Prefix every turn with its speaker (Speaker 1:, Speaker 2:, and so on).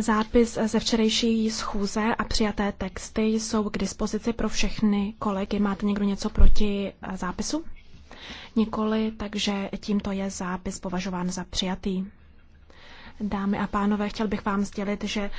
Speaker 1: Zápis ze včerejší schůze a přijaté texty jsou k dispozici pro všechny kolegy. Máte někdo něco proti zápisu? Nikoli, takže tímto je zápis považován za přijatý. Dámy a pánové, chtěl bych
Speaker 2: vám sdělit, že